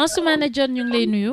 Ansoumana Dione ñu ngi lay nuyu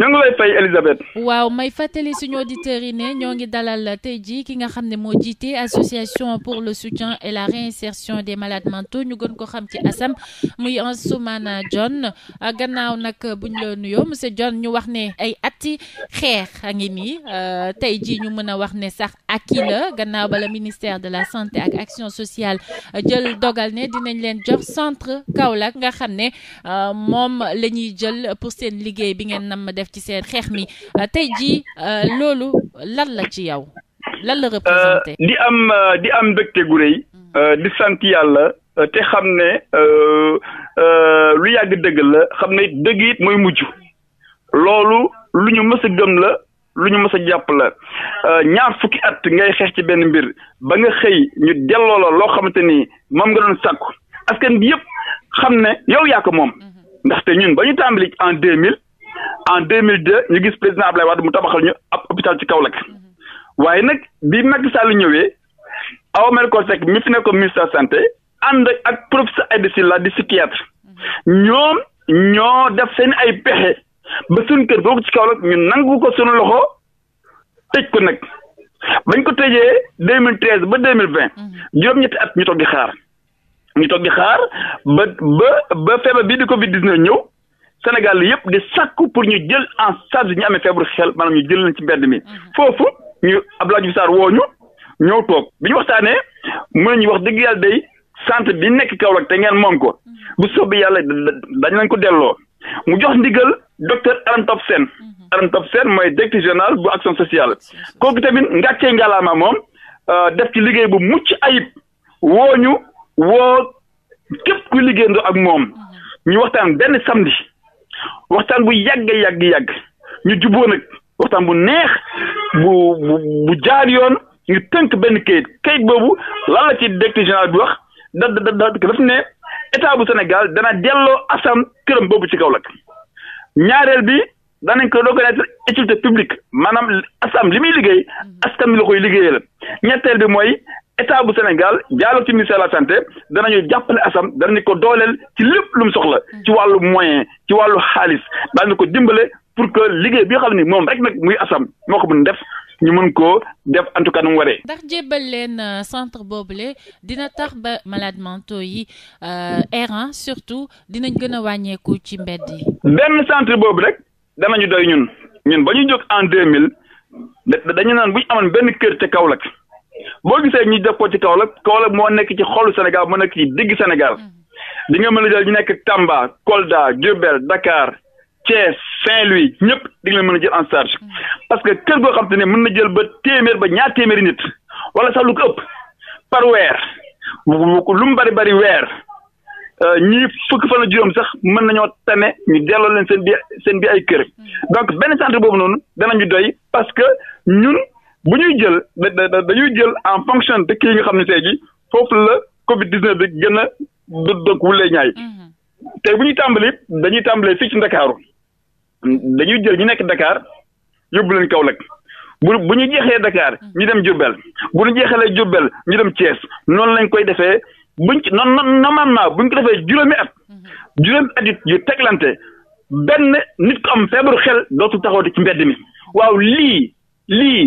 ñoo lay fay Elisabeth. waaw may fàttali suñu auditeurs yi ne ñoo ngi dalal tey jii ki nga xam ne moo jiite association pour le soutien et la réinsertion des malades mentaux ñu gën ko xam ci ASAM muy Ansoumana Dione ah, gannaaw nag buñ la nuyoo monsieur Dione ñu wax ne ay atti xeex a ngi nii ah, tey jii ñu mën a wax ne sax acquis gannaaw bala ministère de la santé ak action sociale jël dogal ne dinañ leen jox centre Kaolack nga xam ne ah, moom la ñuy jël pour seen liggéey bi ngeen nam def. def ci seen xeex mi euh, tey jii euh, loolu lan la ci yow lan la représenté. Euh, di am di am mbégte gu rëy di sant yàlla te xam ne lu yàgg dëgg la xam ne dëgg it mooy mujj loolu lu ñu mës a gëm la lu ñu mës a jàpp la ñaar fukki at ngay xeex ci benn mbir ba nga xëy ñu delloo la loo xamante ni moom nga doon sàkku askan bi yëpp xam ne yow yaa ko moom mm-hmm. ndaxte ñun ba ñu tàmbali en deux mille en mille 2002 ñu gis président Ablaye Wade mu tabaxal ñu ab hôpital ci Kaolack waaye nag bi Macky Sall ñëwee Awa Marie Seck mi fi nekkoon ministre santé ànd ak professeur Aïda Sylla di psychiatre ñoom ñoo def seen ay pexe ba suñ kër googu ci Kaolack ñu nangu ko suñu loxo tëj ko nag bañ ko tëjee 2013 ba 2020 mhm. juróom-ñetti at ñu toog di xaar ñu toog di xaar ba ba ba feebar bii di Covid 19 ñëw. Sénégal yëpp di sàkku pour ñu jël en charge ñu amee feebaru xel maanaam ñu jël leen ci mbedd mi mhm. foofu ñu Abdoulaye Diouf Sarr woo ñu ñëw toog bi ñu waxtaanee mën nañu wax dëgg yàlla day centre bi nekk Kaolack te ngeen moom ko mhm. bu soobee yàlla dañ lañ ko delloo mu jox ndigal docteur Aram Top Sen mhm. Aram Top Sen mooy directeur général bu action sociale kooku tamit ngàccee ngalaama moom euh, def ci liggéey bu mucc ayib woo ñu woo képp ku liggéeyandoo ak moom ñu waxtaan benn samedi. waxtaan bu yàgg yàgg yàgg ñu juboo nag waxtaan bu neex bu bu bu jaar yoon ñu tënk benn kayit kayit boobu lan la ci directeur général bi wax da da da daf ne état bu Sénégal dana delloo asam këram boobu ci Kaolack ñaareel bi danañ ko reconnaître utilité publique maanaam asam li muy liggéey askan bi la koy liggéeyal ñetteel bi mooy état bu Sénégal jaarale ci ministère de la santé danañu jàppale asam danañu ko dooleel ci lépp lu soxla ci wàllu moyen ci wàllu xaalis daañu ko dimbale pour que liggéey bi nga xam ni moom rek nag muy asam moo ko mën def ñu mën koo def en tout cas nu mu waree. ndax jébbal leen euh, centre boobule dina tax ba malades mentaux yi errant euh, surtout dinañ gën a wàññeeku ci mbedd yi. benn centre boobu rek danañu doy ñun ñun ba ñu jóg en deux mille dañu naan bu ñu amoon benn kër ca Kaolack boo gisee ñu def ko ci Kaolack Kaolack moo nekk ci xolu Sénégal moo nekk ci digg Sénégal mm-hmm. di nga mën a jël ñu nekk Tamba Kolda Diourbel Dakar Thiès Saint-Louis ñëpp di nga leen mën a jël en charge mm-hmm. parce que kër goo xam te ne mën na jël ba téeméer ba ñaar téeméeri nit wala sax lu ëpp par weer lu mu bari bari weer euh, ñii fukki fan la juróom sax mën nañoo tane ñu delloo leen seen bi seen bi ay kër mm-hmm. donc benn centre boobu noonu danañu doy parce que ñun. bu ñuy jël dañuy jël en fonction de kii nga xam ne tey foofu la Covid 19 bi gën a dëgg wule ñaay mm-hmm. tey bu ñuy tàmbali dañuy tàmbalee fii ci Ndakaaru dañuy jël ñu nekk Dakar yóbbu leen Kaolack bu bu ñu jeexee Dakar mm-hmm. ñu dem Diourbel bu ñu jeexalee Diourbel ñu dem Thiès noonu lañ koy defee buñ ci non non normalement buñ ko defee juróomi at mm-hmm. juróomi at yu teglante benn nit ko am feebaru xel dootul taxawati ci mbedd mi waaw lii. lii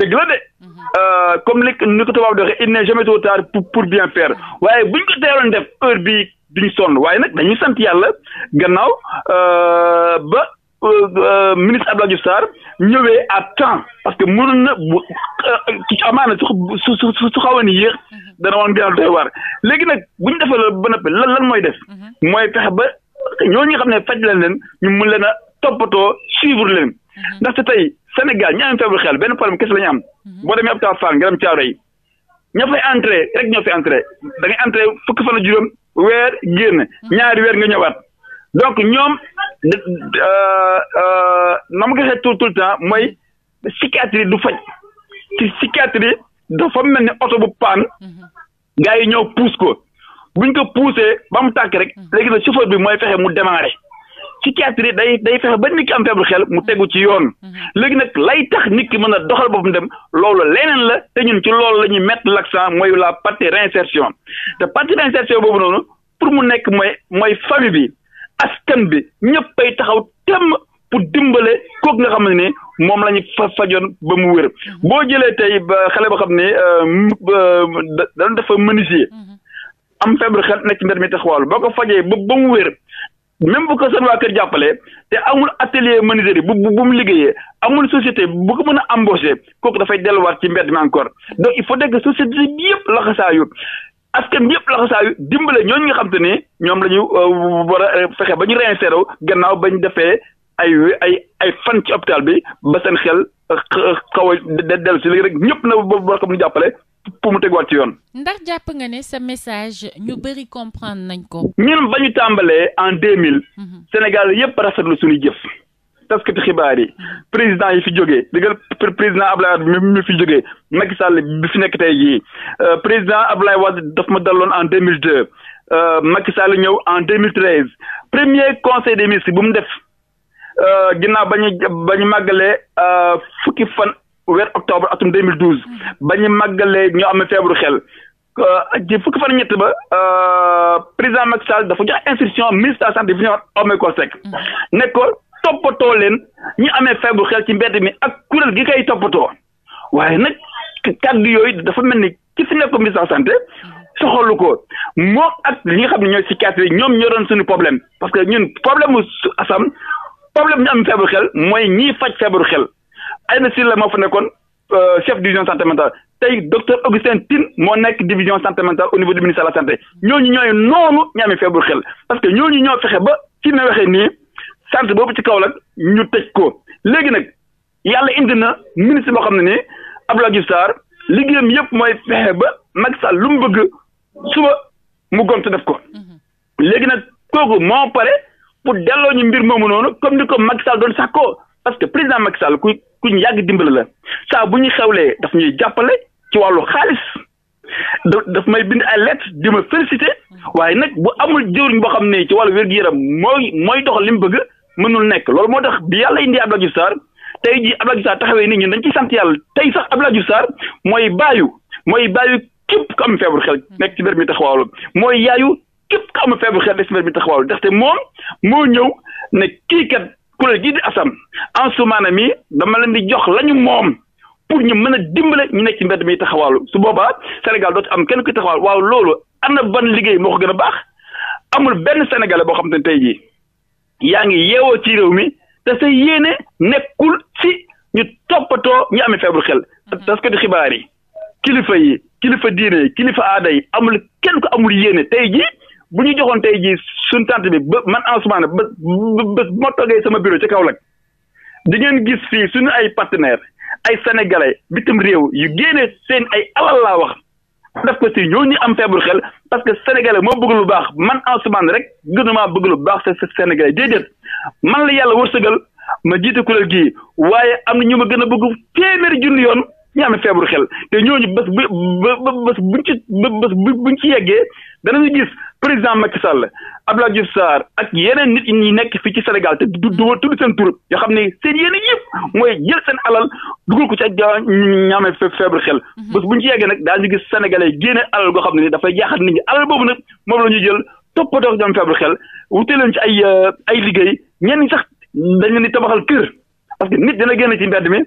dëgg la de mhm. euh, comme ni ko tubaab di waxee il n'est jamais trop pour pour bien faire waaye buñ ko teeloon def heure bii duñ sonn waaye nag dañuy sant yàlla gannaaw euh, ba euh, ministre Abdoulaye Diouf Sarr ñëwee à temps parce que mënoon na amaana su su su xaw a ni yéex mhm. dana woon gën a doy léegi nag buñ defee loolu ba noppi lan lan mooy def mhm. mooy fexe ba ñooñu nga xam ne faj leen leen ñu mun leen a toppatoo suivre leen ndaxte tey. Sénégal ñi am feebar xel benn problème kese la ñu am mhm. boo demee hôpital Fann nga dem caaro yi ña fay entré rek ñoo fi entré da ngay entré fukki fan a juróom weer génn mhm. ñaari weer nga ñëwaat donc ñoom euh, euh, na ma gisee tout tout le temps mooy psychiatrie du faj ci psychiatrie dafa mel ni oto bu paan mhm. gars yi ñëw pousse ko buñ ko poussé ba mu tàkk rek léegi nag chauffeur bi mooy fexe mu démarré psychiatrie day day fexe ba nikki ki am feebar xel mu tegu ci yoon mhm. léegi nag lay tax nit ki mën a doxal boppam dem loolu leneen la te ñun ci loolu la ñuy mettre mooy la partie réinsertion te partie réinsertion boobu noonu pour mu nekk mooy mooy famille bi askan bi ñëpp ay taxaw temm pour dimbale kooku nga xam ne moom la ñu fajoon ba mu wér mhm. boo jëlee tey ba xale boo xam ne euh, da dafa menuisier mhm. am feebar xel nekk ci mbir mi taxawaalu boo ko fajee ba ba mu wér même bu ko seen waa kër jàppale te amul atelier menuiserie bu bu mu liggéeyee amul société bu ko mën a embaucher kooku dafay delluwaat ci mbedd mi encore donc il faut que société bi yëpp laxasaayu askan bi yëpp laxasaayu dimbale ñooñu nga xam te ni ñoom la ñu euh, war a fexe ba ñu réinsérer gannaaw bañ defee ay ay ay fan ci hôpital bi ba seen xel euh, xaw a dellu si léegi rek ñëpp na boo xam ne jàppale pour mu teguwaat ci yoon. ndax jàpp nga ne sa message ñu bëri comprendre nañ ko. ñun ba ñu tàmbalee en deux mille. Mhm. Sénégal yëpp rafetlu suñu jëf. taskati xibaar yi président yi fi jógee digal président Ablaye Wade fi jógee Macky Sall bi fi nekk tey jii euh, président Ablaye Wade daf ma daloon en deux mille deux euh, Macky Sall ñëw en deux mille treize premier conseil des ministres bu mu def euh, ginnaaw ba ñu ba ñu màggalee fukki fan weer octobre atum 2012 ba ñu màggalee ñoo amee feebaru xel euh, ci fukki fan ñett ba euh, président Macky Sall dafa jox instruction ministre de la santé bi ñëwaat amee ko sec ne ko leen ñu amee feebaru xel ci mbedd mi ak kuréel gi kay toppatoo waaye nag kàddu yooyu dafa mel ni ki fi nekk ministre de santé soxalu ko moom ak li nga xam ne ñooy psychiatre yi ñoom ñoo doon suñu problème parce que ñun problème mu asam problème ñu am feebaru xel mooy ñiy faj feebaru xel. Aïda Sylla moo fa nekkoon euh, chef division santé mentale tey docteur Augustin Tine moo nekk division santé mentale au niveau du ministère de la santé ñooñu ñooy noonu ñu amee feebar xel parce que ñooñu ñoo fexe ba ci na waxee nii centre boobu ci Kaolack ñu teg ko léegi nag yàlla indi na ministre boo xam ne nii Abdoulaye Diouf Sarr liggéeyam yëpp mooy fexe ba Macky Sall lu mu bëgg suba mu gont def ko mhm. léegi nag kooku moo pare pour delloo ñu mbir moomu noonu comme ni ko Macky ko parce que président Macky Sall ku ku ñu yàgg dimbali la saa bu ñu xewlee daf ñuy jàppale ci wàllu xaalis da daf may bind ay lettre di ma félicité waaye nag bu amul jëwriñ boo xam ne ci wàllu wér-gu-yaram mooy mooy doxal li mu bëgg mënul nekk loolu moo tax bi yàlla indi Abdoulaye Diouf Sarr tey jii Abdoulaye Diouf Sarr taxawee nii ñun dañ ci sant yàlla tey sax Abdoulaye Diouf Sarr mooy bàyyu mooy baayu képp ku am feebar xel nekk ci mbir mi taxawaalu mooy yaayu képp ku am feebar xel nekk ci mbir mi taxawaalu ndaxte moom moo ñëw ne kii kuréel gii di asam Ansoumana mi dama leen di jox lañu moom pour ñu mën a dimbale ñu nekk ci mbedd mi taxawaalu su boobaa Sénégal dootu am kenn kuy taxawaal waaw loolu ana ban liggéey moo ko gën a baax amul benn sénégalais boo xam te ne tey ji yaa ngi yeewoo ci réew mi te sa yéene nekkul ci ñu toppatoo ñu amee feebul xel parce mm-hmm. xibaar yi kilifa yi kilifa diine yi kilifa aada yi amul kenn ko amul yéene tey jii bu ñu joxoon tey jii suñ tànt bi ba man en ce moment ba ba ma toggee sama biroo ci Kaolack di ngeen gis fii suñu ay partenaires ay sénégalais bitim réew yu génne seen ay alal laa wax def ko si ñooñu am feebar xel parce que sénégalais moo bëgg lu baax man en ce moment rek gënumaa bëgg lu baax sa sénégalais déedéet man la yàlla wërsëgal ma jiite kuréel gii waaye am na ñu ma gën a bëgg téeméeri junni yoon ñu am feebaru xel te ñooñu bés bu bés buñ ci buñ ci yeggee. dana danañu gis président Macky Sall Abdoulaye Diouf Sarr ak yeneen nit ñi nekk fii ci Sénégal te du du tudd seen tur yoo xam ne seen yeneen yëpp mooy jël seen alal dugal ko ci ak ñaame feebar xel. Mhm. bés bu ñu ci yeggee nag daal di gis sénégalais génne alal goo xam ne dafay jaaxal nit ñi alal boobu nag moom la ñuy jël toppatoo ñoom feebar xel wute leen ci ay euh, ay liggéey ñenn sax dañu ni tabaxal kër parce nit dana génn ci mbedd mi.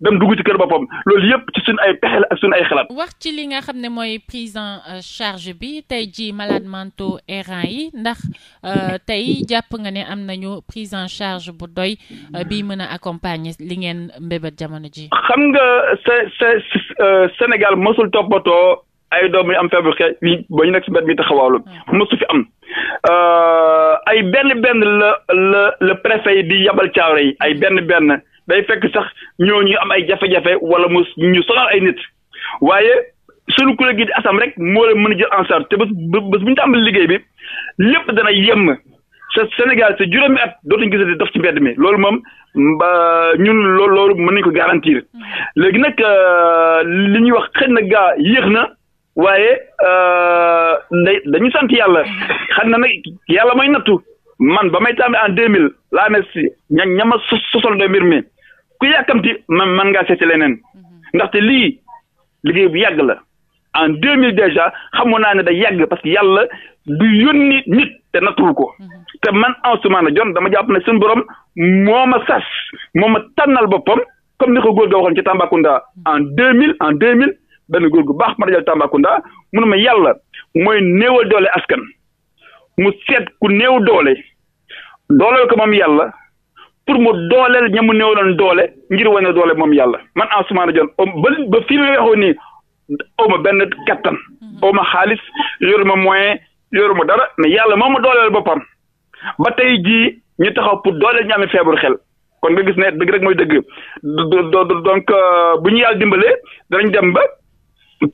dem dugg ci kër boppam loolu yépp ci suñ ay pexe la ak suñ ay xalaat. wax ci li nga xam ne mooy prise en euh, charge bi tey ji malades mentaux errants yi ndax euh, tey jàpp nga ne am nañu prise en charge bu doy euh, bi mën a accompagner li ngeen mbébét jamono ji. xam nga Sénégal masul toppatoo ay doom yu am feebu xeet yi ba ñu mi si mbedd taxawaalu mm-hmm. mosu fi am. ay benn benn la la le préfet yi di yabal caaro yi ay benn benn. day fekk sax ñooñu am ay jafe-jafe wala mu ñu sonal ay nit waaye sunu kuréel gi di asam rek moo leen mën a jël en charge te bés bés bu ñu tàmbali liggéey bi lépp dana yemm sa Sénégal sa juróomi at dootuñu gisati dof ci mbedd loolu moom ñun loolu loolu mën nañu ko garantir mm-hmm. léegi nag euh, li ñuy wax xëy na gaa yéex na waaye euh, dañu sant yàlla mm-hmm. xam na nag yàlla may nattu man ba may tàmbali en deux mille laa ne si ña ña ma sosol de mbir mi. ku yàkkamti man man ngaa seeti leneen mhm. ndaxte lii liggéey bu yàgg la en deux mille déjà xamoon naa ne da yàgg parce que yàlla du yónni nit te nattuwu ko mhm. te man Ansoumana Dione dama jàpp ne suñu borom moo ma sas moo ma tànnal boppam comme ni ko góor ga waxoon ci Tambacounda mhm. en deux mille en deux mille benn góor gu baax ma dajal Tambacounda mu ne ma yàlla mooy néewal doole askan mu seet ku néew doole dooleel ko moom yàlla pour mu dooleel ña mu néewloon doole ngir wane doole moom yàlla man Ansoumana Dione um, ba ba fii may waxoon nii aw ma benn kattan mhm. aw ma xaalis yoru ma moyen yoru ma dara mais yàlla moo ma dooleel boppam ba tey ji ñu taxaw pour dooleel ñu amee feebaru xel kon nga gis ne dëgg rek mooy dëgg donc euh, bu ñu yàlla dimbalee danañ dem ba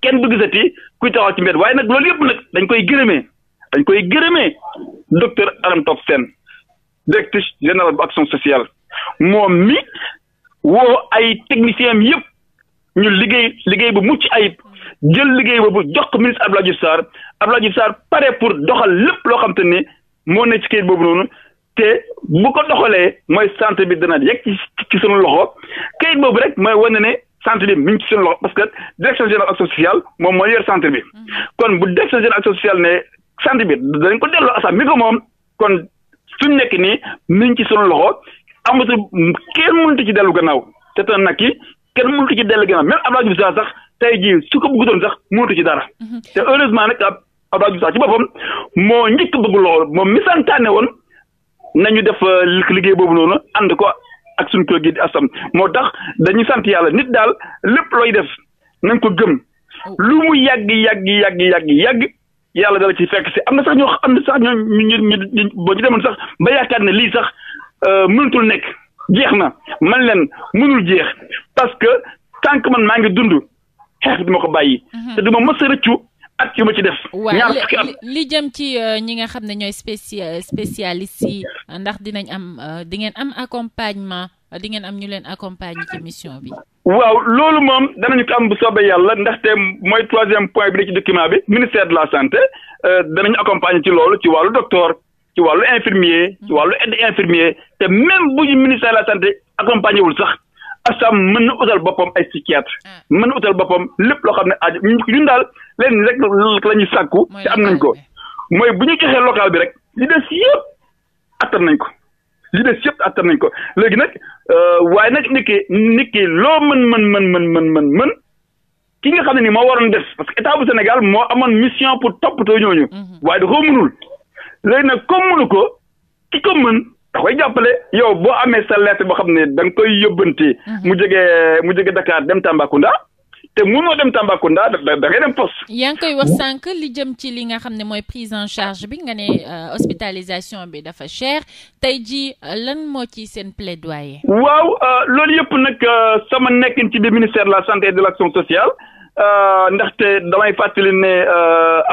kenn du gisati kuy taxaw ci mbedd waaye nag loolu yëpp nag dañ koy gërëmee dañ koy gërëmee docteur Aram Top Sène directrice générale bu action sociale moom mi woo ay techniciens yëpp ñu liggéey liggéey bu mucc ayib jël liggéey boobu jox ko ministre Abdoulaye Diouf Sarr Abdoulaye Diouf pare pour doxal lépp loo xam te ne moo ne ci kayit boobu noonu te bu ko doxalee mooy santé bi dana yegg ci sunu loxo kayit boobu rek mooy wane ne centre bi mi ngi ci seen loxo parce que direction générale action sociale moom mooy yor centre bi mm-hmm. kon bu direction générale action sociale dañ ko delloo asa mi fi mu nekk nii mi ci suñu loxo amatul kenn mënut ci dellu gannaaw te te nag yi kenn mënut ci dellu gannaaw même Abdoulaye Diouf Sarr sax tey jii su ko bëggutoon sax mënut ci dara. Mhm. te heureusement nag a Diouf Sarr ci boppam moo njëkk bëgg lool moom mi santaane woon na ñu def euh, liggéey boobu noonu ànd ko ak suñu kër gi di asam moo tax dañuy sant yàlla nit daal lépp looy def nañ ko gëm oh. lu mu yàgg yàgg yàgg yàgg yàgg. yàlla dala ci fekk si am na sax ñoo am na sax ñoo ñu ñu boo ñu sax ba yaakaar ne lii sax euh, mënatul nekk jeex na man leen mënul jeex parce que tant man maa ngi dund xeex bi duma ko bàyyi. Mhm. te duma mës a rëccu at yu ma ci def. ñaar fukki at li jëm ci euh, ñi nga xam ne ñooy spéci spécialiste yi ndax dinañ am euh, di ngeen am accompagnement. di ngeen am ñu leen accompagner ci mission bi. waaw loolu moom danañu ko am bu soobee yàlla ndaxte mooy troisième point bi ne ci document bi ministère de la santé euh, danañu accompagner ci loolu ci wàllu docteur ci wàllu infirmier ci wàllu aide infirmier te même bu ñu ministère de la santé accompagner wul sax. ASSAMM mën na utal boppam ay psychiatre ah. mën na utal boppam lépp loo xam ne aaj ñun daal leen rek la ñuy sàkku te am nañ ko mooy bu ñu joxee local bi rek li des attan nañ ko li des yëpp attan nañ ko léegi nag euh, waaye nag nit ki nit ki loo mën man man mën mën man mën ki nga xam ne ni moo waroon def parce que état bu Sénégal moo aman mission pour toppatoo ñooñu mhm. waaye da koo mënul léegi nag comme mënu ko ki ko mën da koy jàppale yow boo amee sa lettre boo xam ne da nga koy yóbbante mhm. mu jógee mu jógee Dakar dem Tambacounda te mënoo dem Tambacounda da da ngay dem poste. yaa ngi koy wax sànq li jëm ci li nga xam ne mooy prise en charge bi nga ne euh, hospitalisation bi dafa cher tey jii euh, lan moo ci seen plaidoyer. waaw euh, loolu yëpp nag sama nekkin ci biir ministère de la santé de l' action sociale ndaxte damay fàttali ne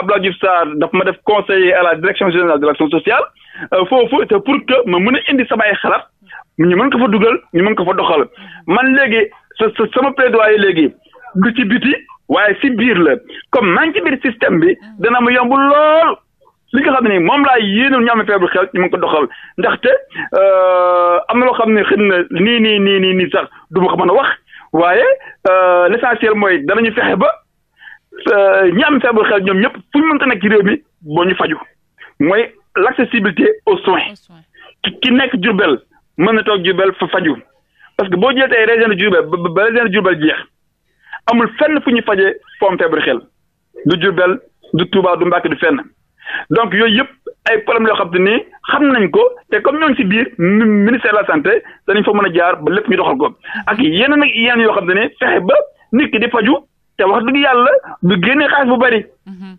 Abdoulaye Diouf Sarr dafa ma def conseiller à la direction générale de l' action sociale foofu te pour que ma mën a indi samay xalaat ñu mën ko fa dugal ñu mën ko fa doxal man léegi sama plaidoyer léegi. du ci biti waaye si biir la comme maa ngi ci biir système bi ah. dana mu yomb lool li nga xam ne moom laa yéene ñu amee feebar xel ñu mën ko doxal ndaxte euh, am na loo xam ne na nii nii nii nii nii sax du ma ko mën a wax waaye euh, l'essentiel mooy danañu fexe ba euh, ñi am feebar xel ñoom ñëpp fu ñu mënta nekk ci réew mi boo ñu faju mooy l'accessibilité aux soins ki nekk Diourbel mën na toog Diourbel fa faju parce que boo jëlee tey région de Diourbel ba région de Diourbel jeex. amul fenn fu ñuy fajee foom feebaru xel du Jurbel du Touba du Mbàkke du fenn donc yooyu yëpp ay problème yoo xam te xam nañ ko te comme ñoo ngi si biir ministère la santé dañ fa mën a jaar ba lépp ñu doxal ko ak yeneen ak yeneen yoo xam te ni fexe ba nit ki di faju te wax dëgg yàlla du génne xaalis bu bari mm-hmm.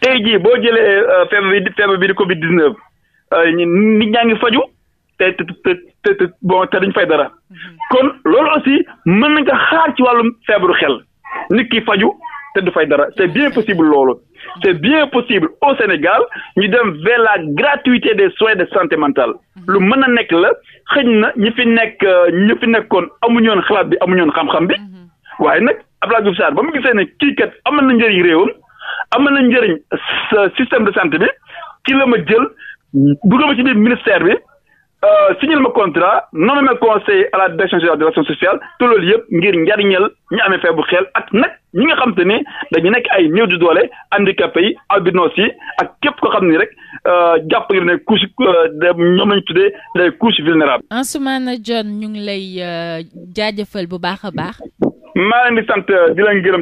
tey jii boo jëlee euh, feebar bi feebar bi di Covid 19 euh, nit ñaa ngi faju te te te bon te duñ fay dara. Mhm. kon loolu aussi mën na nga xaar ci wàllum feebaru xel nit ki faju te du fay dara c'est bien possible loolu c'est bien possible au Sénégal ñu dem vers la gratuité des soins de santé mentale mhm. lu mën a nekk la xëy na ñi fi nekk ñi fi nekkoon amuñoon xalaat bi amuñoon xam-xam bi mhm. waaye nag Abdoulaye Diouf Sarr ba mu gisee ne kii kat amal na njëriñ réewam amal na njëriñ système de santé bi ki la ma jël dugal ma ci biir ministère bi. Euh, signal ma contrat noonu ma conseil à la direction générale de l'action sociale te loolu yëpp ngir njariñal ñu amee feebu xel ak nag ñi nga xam te ne dañu nekk ay néew du doole handicapé yi albinos yi ak képp ko xam ni rek euh, jàpp nga ne couche euh, ñoom lañu tuddee les couches vulnérables. Ansoumana Dione ñu ngi lay euh, jaajëfal bu baax a baax. maa leen di sant di leen gërëm.